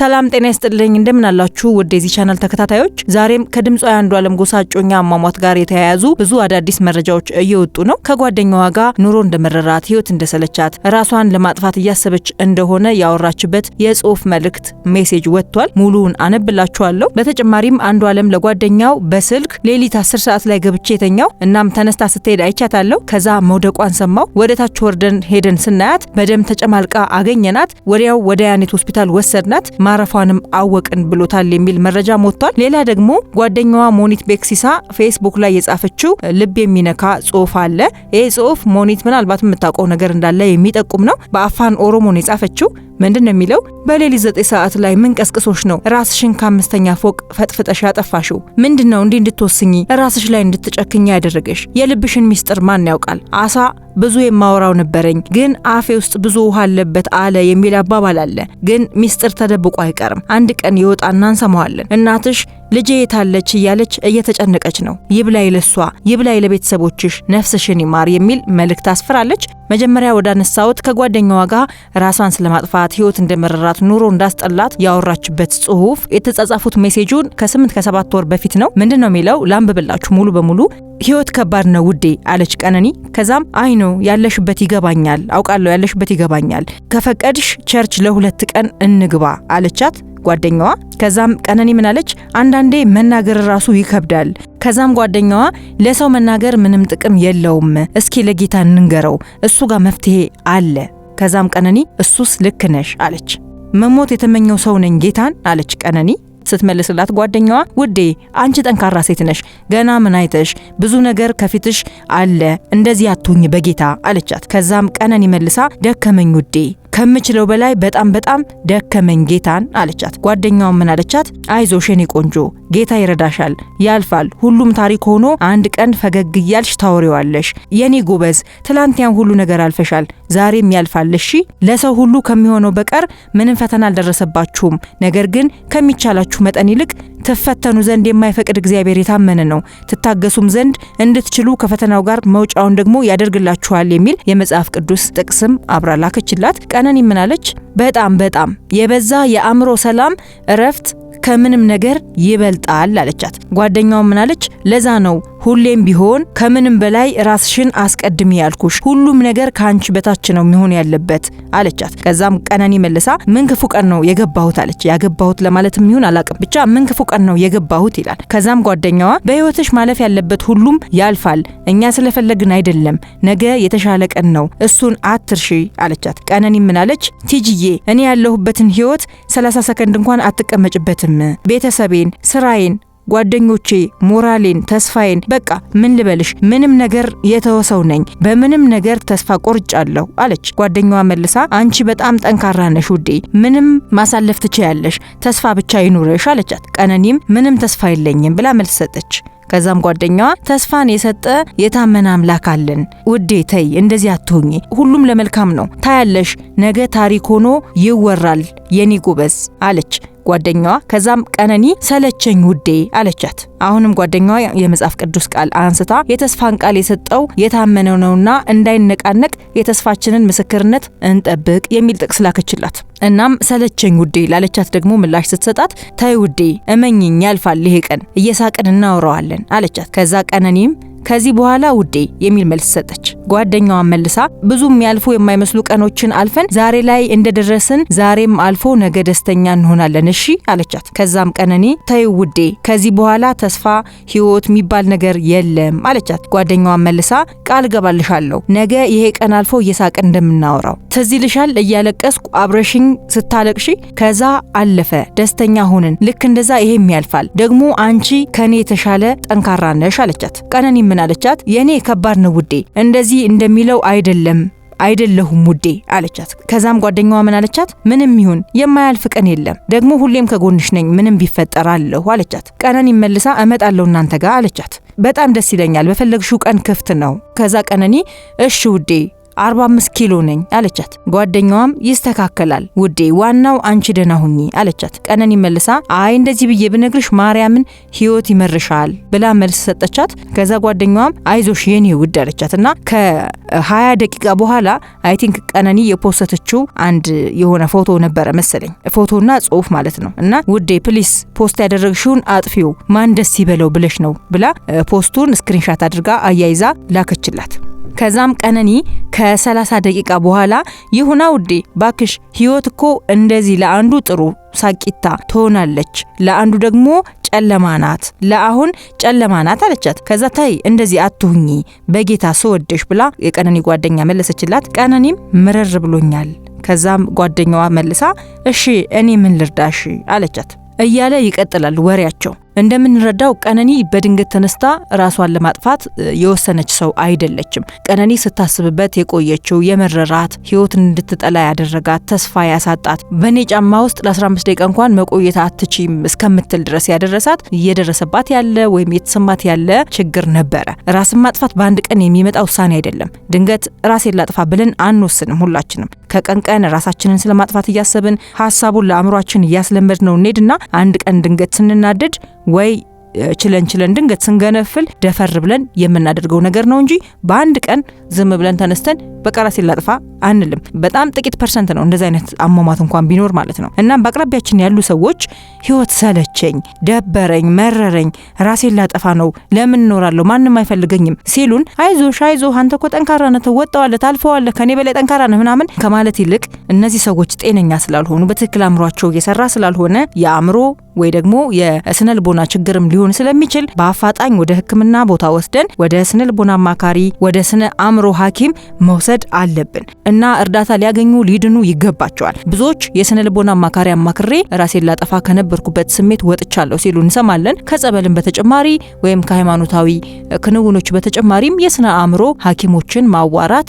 ሰላም ጤና ይስጥልኝ እንደምናላችሁ ውድ የዚህ ቻናል ተከታታዮች፣ ዛሬም ከድምፃዊ አንዷለም ጎሳ እጮኛ አሟሟት ጋር የተያያዙ ብዙ አዳዲስ መረጃዎች እየወጡ ነው። ከጓደኛዋ ጋር ኑሮ እንደመረራት፣ ህይወት እንደሰለቻት፣ ራሷን ለማጥፋት እያሰበች እንደሆነ ያወራችበት የጽሁፍ መልእክት ሜሴጅ ወጥቷል። ሙሉውን አነብላችኋለሁ። በተጨማሪም አንዷለም ለጓደኛው በስልክ ሌሊት አስር ሰዓት ላይ ገብቼ የተኛው እናም ተነስታ ስትሄድ አይቻታለሁ። ከዛ መውደቋን ሰማው። ወደታች ወርደን ሄደን ስናያት በደም ተጨማልቃ አገኘናት። ወዲያው ወደ ያኔት ሆስፒታል ወሰድናት። ማረፏንም አወቅን ብሎታል የሚል መረጃ ሞጥቷል። ሌላ ደግሞ ጓደኛዋ ሞኒት ቤክሲሳ ፌስቡክ ላይ የጻፈችው ልብ የሚነካ ጽሁፍ አለ። ይህ ጽሁፍ ሞኒት ምናልባት የምታውቀው ነገር እንዳለ የሚጠቁም ነው። በአፋን ኦሮሞ የጻፈችው። ምንድን ነው የሚለው? በሌሊት ዘጠኝ ሰዓት ላይ ምን ቀስቅሶሽ ነው ራስሽን ከአምስተኛ ፎቅ ፈጥፍጠሽ ያጠፋሽው? ምንድን ነው እንዲህ እንድትወስኚ ራስሽ ላይ እንድትጨክኛ ያደረገሽ? የልብሽን ሚስጥር ማን ያውቃል? አሳ ብዙ የማወራው ነበረኝ ግን አፌ ውስጥ ብዙ ውሃ አለበት አለ የሚል አባባል አለ። ግን ሚስጥር ተደብቆ አይቀርም። አንድ ቀን ይወጣና እንሰማዋለን። እናትሽ ልጄ የታለች እያለች እየተጨነቀች ነው። ይብላይ ለሷ ይብላይ ለቤተሰቦችሽ፣ ነፍስሽን ይማር የሚል መልእክት አስፍራለች። መጀመሪያ ወዳነሳሁት ከጓደኛዋ ጋር ራሷን ስለማጥፋት ህይወት እንደመረራት ኑሮ እንዳስጠላት ያወራችበት ጽሁፍ የተጻጻፉት ሜሴጁን ከስምንት ከሰባት ወር በፊት ነው። ምንድን ነው የሚለው ላንብብላችሁ ሙሉ በሙሉ ህይወት ከባድ ነው ውዴ አለች ቀነኒ። ከዛም አይ ነው ያለሽበት ይገባኛል፣ አውቃለሁ ያለሽበት ይገባኛል፣ ከፈቀድሽ ቸርች ለሁለት ቀን እንግባ አለቻት ጓደኛዋ። ከዛም ቀነኒ አለች? አንዳንዴ መናገር ራሱ ይከብዳል። ከዛም ጓደኛዋ ለሰው መናገር ምንም ጥቅም የለውም፣ እስኪ ለጌታ እንንገረው፣ እሱ ጋር መፍትሄ አለ። ከዛም ቀነኒ እሱስ ልክ ነሽ አለች። መሞት የተመኘው ሰው ነኝ ጌታን አለች ቀነኒ። ስትመልስላት ጓደኛዋ ውዴ አንቺ ጠንካራ ሴት ነሽ፣ ገና ምን አይተሽ ብዙ ነገር ከፊትሽ አለ፣ እንደዚህ አትሁኝ በጌታ አለቻት። ከዛም ቀነኒ መልሳ ደከመኝ ውዴ ከምችለው በላይ በጣም በጣም ደከመኝ ጌታን አለቻት። ጓደኛውን ምን አለቻት? አይዞሽ የኔ ቆንጆ ጌታ ይረዳሻል፣ ያልፋል። ሁሉም ታሪክ ሆኖ አንድ ቀን ፈገግ እያልሽ ታወሪዋለሽ። የኔ ጎበዝ ትላንት ያን ሁሉ ነገር አልፈሻል፣ ዛሬም ያልፋል። እሺ ለሰው ሁሉ ከሚሆነው በቀር ምንም ፈተና አልደረሰባችሁም። ነገር ግን ከሚቻላችሁ መጠን ይልቅ ትፈተኑ ዘንድ የማይፈቅድ እግዚአብሔር የታመነ ነው፣ ትታገሱም ዘንድ እንድትችሉ ከፈተናው ጋር መውጫውን ደግሞ ያደርግላችኋል የሚል የመጽሐፍ ቅዱስ ጥቅስም አብራ ላከችላት። ቀነኒ ምናለች? በጣም በጣም የበዛ የአእምሮ ሰላም እረፍት ከምንም ነገር ይበልጣል አለቻት። ጓደኛው ምን አለች? ለዛ ነው ሁሌም ቢሆን ከምንም በላይ ራስሽን አስቀድሚ ያልኩሽ፣ ሁሉም ነገር ከአንቺ በታች ነው የሚሆን ያለበት አለቻት። ከዛም ቀነኒ መልሳ ምን ክፉ ቀን ነው የገባሁት አለች። ያገባሁት ለማለትም ይሁን አላቅም፣ ብቻ ምን ክፉ ቀን ነው የገባሁት ይላል። ከዛም ጓደኛዋ በህይወትሽ ማለፍ ያለበት ሁሉም ያልፋል፣ እኛ ስለፈለግን አይደለም፣ ነገ የተሻለ ቀን ነው፣ እሱን አትርሺ አለቻት። ቀነኒ ምን አለች? ቲጅዬ እኔ ያለሁበትን ህይወት 30 ሰከንድ እንኳን አትቀመጭበትም አልችልም። ቤተሰቤን፣ ስራዬን ጓደኞቼ ሞራሌን፣ ተስፋዬን በቃ ምን ልበልሽ፣ ምንም ነገር የተወሰው ነኝ፣ በምንም ነገር ተስፋ ቆርጫለሁ አለች። ጓደኛዋ መልሳ አንቺ በጣም ጠንካራ ነሽ ውዴ፣ ምንም ማሳለፍ ትችያለሽ፣ ተስፋ ብቻ ይኑርሽ አለቻት። ቀነኒም ምንም ተስፋ የለኝም ብላ መልስ ሰጠች። ከዛም ጓደኛዋ ተስፋን የሰጠ የታመነ አምላክ አለን ውዴ፣ ተይ እንደዚህ አትሆኚ፣ ሁሉም ለመልካም ነው ታያለሽ፣ ነገ ታሪክ ሆኖ ይወራል የኔ ጎበዝ አለች። ጓደኛዋ። ከዛም ቀነኒ ሰለቸኝ ውዴ አለቻት። አሁንም ጓደኛዋ የመጽሐፍ ቅዱስ ቃል አንስታ የተስፋን ቃል የሰጠው የታመነው ነውና እንዳይነቃነቅ የተስፋችንን ምስክርነት እንጠብቅ የሚል ጥቅስ ላከችላት። እናም ሰለቸኝ ውዴ ላለቻት ደግሞ ምላሽ ስትሰጣት ተይ ውዴ እመኝኝ ያልፋል ይሄ ቀን እየሳቅን እናውረዋለን አለቻት። ከዛ ቀነኒም ከዚህ በኋላ ውዴ የሚል መልስ ሰጠች። ጓደኛዋን መልሳ ብዙ የሚያልፉ የማይመስሉ ቀኖችን አልፈን ዛሬ ላይ እንደደረስን ዛሬም አልፎ ነገ ደስተኛ እንሆናለን እሺ አለቻት። ከዛም ቀነኔ ተይ ውዴ ከዚህ በኋላ ተስፋ ህይወት የሚባል ነገር የለም አለቻት። ጓደኛዋን መልሳ ቃል ገባልሻለሁ ነገ ይሄ ቀን አልፎ እየሳቅን እንደምናወራው ትዝ ይልሻል እያለቀስኩ አብረሽኝ ስታለቅሺ ከዛ አለፈ ደስተኛ ሆንን ልክ እንደዛ ይሄም ያልፋል ደግሞ አንቺ ከኔ የተሻለ ጠንካራ ነሽ አለቻት። ቀነኒ ምን አለቻት? የእኔ ከባድ ነው ውዴ፣ እንደዚህ እንደሚለው አይደለም አይደለሁም ውዴ አለቻት። ከዛም ጓደኛዋ ምን አለቻት? ምንም ይሁን የማያልፍ ቀን የለም፣ ደግሞ ሁሌም ከጎንሽ ነኝ፣ ምንም ቢፈጠር አለሁ አለቻት። ቀነኒ መልሳ እመጣለሁ እናንተ ጋር አለቻት። በጣም ደስ ይለኛል፣ በፈለግሽው ቀን ክፍት ነው። ከዛ ቀነኒ እሺ ውዴ 45 ኪሎ ነኝ አለቻት። ጓደኛዋም ይስተካከላል ውዴ፣ ዋናው አንቺ ደህና ሁኚ አለቻት። ቀነኒ መልሳ አይ እንደዚህ ብዬ ብነግርሽ ማርያምን ህይወት ይመርሻል ብላ መልስ ሰጠቻት። ከዛ ጓደኛዋም አይዞሽ የኔ ውድ አለቻት እና ከ20 ደቂቃ በኋላ አይ ቲንክ ቀነኒ የፖስተችው አንድ የሆነ ፎቶ ነበረ መሰለኝ ፎቶና ጽሁፍ ማለት ነው እና ውዴ ፕሊስ ፖስት ያደረግሽውን አጥፊው ማን ደስ ይበለው ብለሽ ነው ብላ ፖስቱን ስክሪንሻት አድርጋ አያይዛ ላከችላት። ከዛም ቀነኒ ከ30 ደቂቃ በኋላ ይሁና ውዴ ባክሽ፣ ህይወት እኮ እንደዚህ ለአንዱ ጥሩ ሳቂታ ትሆናለች፣ ለአንዱ ደግሞ ጨለማ ናት፣ ለአሁን ጨለማ ናት አለቻት። ከዛ ታይ እንደዚህ አትሁኚ በጌታ ስወደሽ ብላ የቀነኒ ጓደኛ መለሰችላት። ቀነኒም ምርር ብሎኛል። ከዛም ጓደኛዋ መልሳ እሺ እኔ ምን ልርዳሽ አለቻት። እያለ ይቀጥላል ወሬያቸው። እንደምንረዳው ቀነኒ በድንገት ተነስታ ራሷን ለማጥፋት የወሰነች ሰው አይደለችም። ቀነኒ ስታስብበት የቆየችው የመረራት ህይወትን እንድትጠላ ያደረጋት ተስፋ ያሳጣት በእኔ ጫማ ውስጥ ለ15 ደቂቃ እንኳን መቆየት አትችም እስከምትል ድረስ ያደረሳት እየደረሰባት ያለ ወይም የተሰማት ያለ ችግር ነበረ። ራስን ማጥፋት በአንድ ቀን የሚመጣ ውሳኔ አይደለም። ድንገት ራሴን ላጥፋ ብለን አንወስንም። ሁላችንም ከቀን ቀን ራሳችንን ስለማጥፋት እያሰብን ሀሳቡን ለአእምሯችን እያስለመድ ነው እንሄድና አንድ ቀን ድንገት ስንናደድ ወይ ችለን ችለን ድንገት ስንገነፍል ደፈር ብለን የምናደርገው ነገር ነው እንጂ በአንድ ቀን ዝም ብለን ተነስተን በቃ ራሴን ላጥፋ አንልም። በጣም ጥቂት ፐርሰንት ነው እንደዚህ አይነት አሟሟት እንኳን ቢኖር ማለት ነው። እናም በአቅራቢያችን ያሉ ሰዎች ህይወት ሰለቸኝ፣ ደበረኝ፣ መረረኝ፣ ራሴን ላጠፋ ነው፣ ለምን እኖራለሁ፣ ማንም አይፈልገኝም ሲሉን አይዞሽ፣ አይዞ፣ አንተ እኮ ጠንካራ ነህ፣ ትወጣዋለህ፣ ታልፈዋለህ፣ ከኔ በላይ ጠንካራ ነህ ምናምን ከማለት ይልቅ እነዚህ ሰዎች ጤነኛ ስላልሆኑ በትክክል አእምሯቸው እየሰራ ስላልሆነ የአእምሮ ወይ ደግሞ የስነ ልቦና ችግርም ሊሆን ስለሚችል በአፋጣኝ ወደ ሕክምና ቦታ ወስደን ወደ ስነ ልቦና አማካሪ፣ ወደ ስነ አእምሮ ሐኪም መውሰድ አለብን እና እርዳታ ሊያገኙ ሊድኑ ይገባቸዋል። ብዙዎች የስነ ልቦና አማካሪ አማክሬ ራሴን ላጠፋ ከነበርኩበት ስሜት ወጥቻለሁ ሲሉ እንሰማለን። ከጸበልን በተጨማሪ ወይም ከሃይማኖታዊ ክንውኖች በተጨማሪም የስነ አእምሮ ሐኪሞችን ማዋራት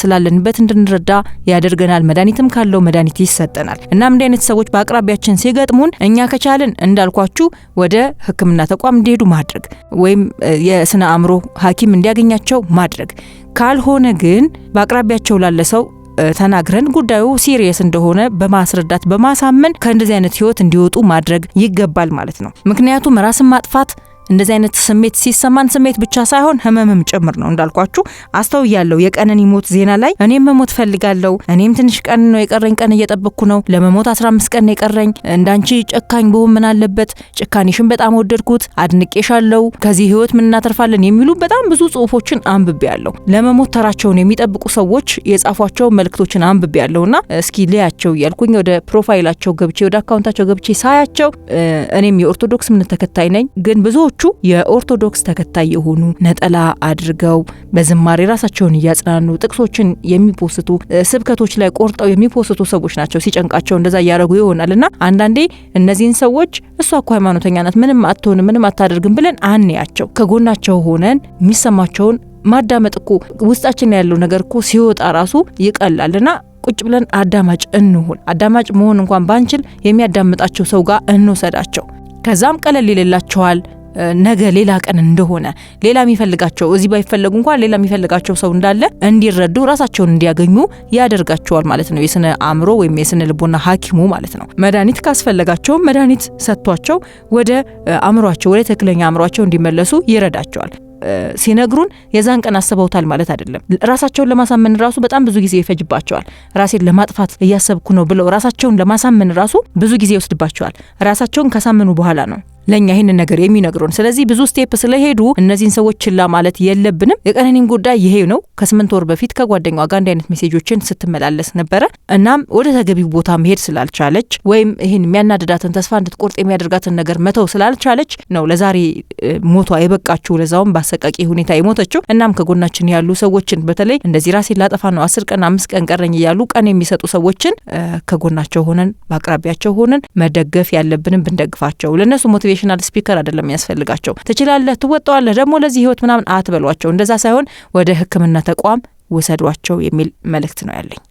ስላለንበት እንድንረዳ ያደርገናል። መድኃኒትም ካለው መድኃኒት ይሰጠናል። እናም እንዲህ አይነት ሰዎች በአቅራቢያችን ሲገጥሙን እኛ ከቻልን እንዳልኳችሁ ወደ ሕክምና ተቋም እንዲሄዱ ማድረግ ወይም የስነ አእምሮ ሐኪም እንዲያገኛቸው ማድረግ ካልሆነ ግን በአቅራቢያቸው ላለ ሰው ተናግረን ጉዳዩ ሲሪየስ እንደሆነ በማስረዳት በማሳመን ከእንደዚህ አይነት ህይወት እንዲወጡ ማድረግ ይገባል ማለት ነው። ምክንያቱም ራስን ማጥፋት እንደዚህ አይነት ስሜት ሲሰማን ስሜት ብቻ ሳይሆን ህመምም ጭምር ነው። እንዳልኳችሁ አስተውያለሁ። የቀነኒ ሞት ዜና ላይ እኔም መሞት ፈልጋለሁ፣ እኔም ትንሽ ቀን ነው የቀረኝ፣ ቀን እየጠበቅኩ ነው፣ ለመሞት 15 ቀን የቀረኝ፣ እንዳንቺ ጨካኝ ብሆን ምን አለበት፣ ጭካኔሽን በጣም ወደድኩት፣ አድንቄሻለሁ፣ ከዚህ ህይወት ምን እናተርፋለን የሚሉ በጣም ብዙ ጽሁፎችን አንብቤያለሁ። ለመሞት ተራቸውን የሚጠብቁ ሰዎች የጻፏቸው መልእክቶችን አንብቤያለሁና እስኪ ልያቸው እያልኩኝ ወደ ፕሮፋይላቸው ገብቼ ወደ አካውንታቸው ገብቼ ሳያቸው እኔም የኦርቶዶክስ እምነት ተከታይ ነኝ ግን ብዙ ብዙዎቹ የኦርቶዶክስ ተከታይ የሆኑ ነጠላ አድርገው በዝማሬ ራሳቸውን እያጽናኑ ጥቅሶችን የሚፖስቱ ስብከቶች ላይ ቆርጠው የሚፖስቱ ሰዎች ናቸው። ሲጨንቃቸው እንደዛ እያደረጉ ይሆናል እና አንዳንዴ እነዚህን ሰዎች እሷ እኮ ሃይማኖተኛ ናት፣ ምንም አትሆንም፣ ምንም አታደርግም ብለን አንያቸው። ከጎናቸው ሆነን የሚሰማቸውን ማዳመጥ እኮ ውስጣችን ያለው ነገር እኮ ሲወጣ ራሱ ይቀላል እና ቁጭ ብለን አዳማጭ እንሁን። አዳማጭ መሆን እንኳን ባንችል የሚያዳምጣቸው ሰው ጋር እንውሰዳቸው። ከዛም ቀለል ይልላቸዋል። ነገ ሌላ ቀን እንደሆነ ሌላ የሚፈልጋቸው እዚህ ባይፈለጉ እንኳን ሌላ የሚፈልጋቸው ሰው እንዳለ እንዲረዱ ራሳቸውን እንዲያገኙ ያደርጋቸዋል ማለት ነው። የስነ አእምሮ ወይም የስነ ልቦና ሐኪሙ ማለት ነው። መድኃኒት ካስፈለጋቸው መድኃኒት ሰጥቷቸው ወደ አእምሯቸው ወደ ትክክለኛ አእምሯቸው እንዲመለሱ ይረዳቸዋል። ሲነግሩን የዛን ቀን አስበውታል ማለት አይደለም። ራሳቸውን ለማሳመን ራሱ በጣም ብዙ ጊዜ ይፈጅባቸዋል። ራሴን ለማጥፋት እያሰብኩ ነው ብለው ራሳቸውን ለማሳመን ራሱ ብዙ ጊዜ ይወስድባቸዋል። ራሳቸውን ካሳመኑ በኋላ ነው ለእኛ ይህንን ነገር የሚነግሩን። ስለዚህ ብዙ ስቴፕ ስለሄዱ እነዚህን ሰዎች ችላ ማለት የለብንም። የቀነኒም ጉዳይ ይሄ ነው። ከስምንት ወር በፊት ከጓደኛዋ ጋር እንዲህ አይነት ሜሴጆችን ስትመላለስ ነበረ። እናም ወደ ተገቢው ቦታ መሄድ ስላልቻለች ወይም ይህን የሚያናድዳትን ተስፋ እንድትቆርጥ የሚያደርጋትን ነገር መተው ስላልቻለች ነው ለዛሬ ሞቷ የበቃችው፣ ለዛውም በአሰቃቂ ሁኔታ የሞተችው። እናም ከጎናችን ያሉ ሰዎችን በተለይ እንደዚህ ራሴን ላጠፋ ነው አስር ቀን አምስት ቀን ቀረኝ እያሉ ቀን የሚሰጡ ሰዎችን ከጎናቸው ሆነን በአቅራቢያቸው ሆነን መደገፍ ያለብንም ብንደግፋቸው ለእነሱ ሞት ሞቲቬሽናል ስፒከር አይደለም የሚያስፈልጋቸው። ትችላለህ፣ ትወጣዋለህ፣ ደግሞ ለዚህ ህይወት ምናምን አትበሏቸው። እንደዛ ሳይሆን ወደ ህክምና ተቋም ውሰዷቸው የሚል መልእክት ነው ያለኝ።